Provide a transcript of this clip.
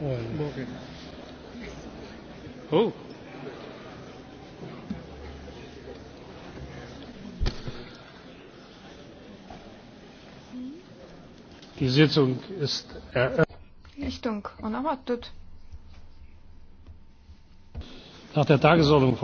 Morgen. Oh. Die Sitzung ist eröffnet. Istung on avatud. Nach der Tagesordnung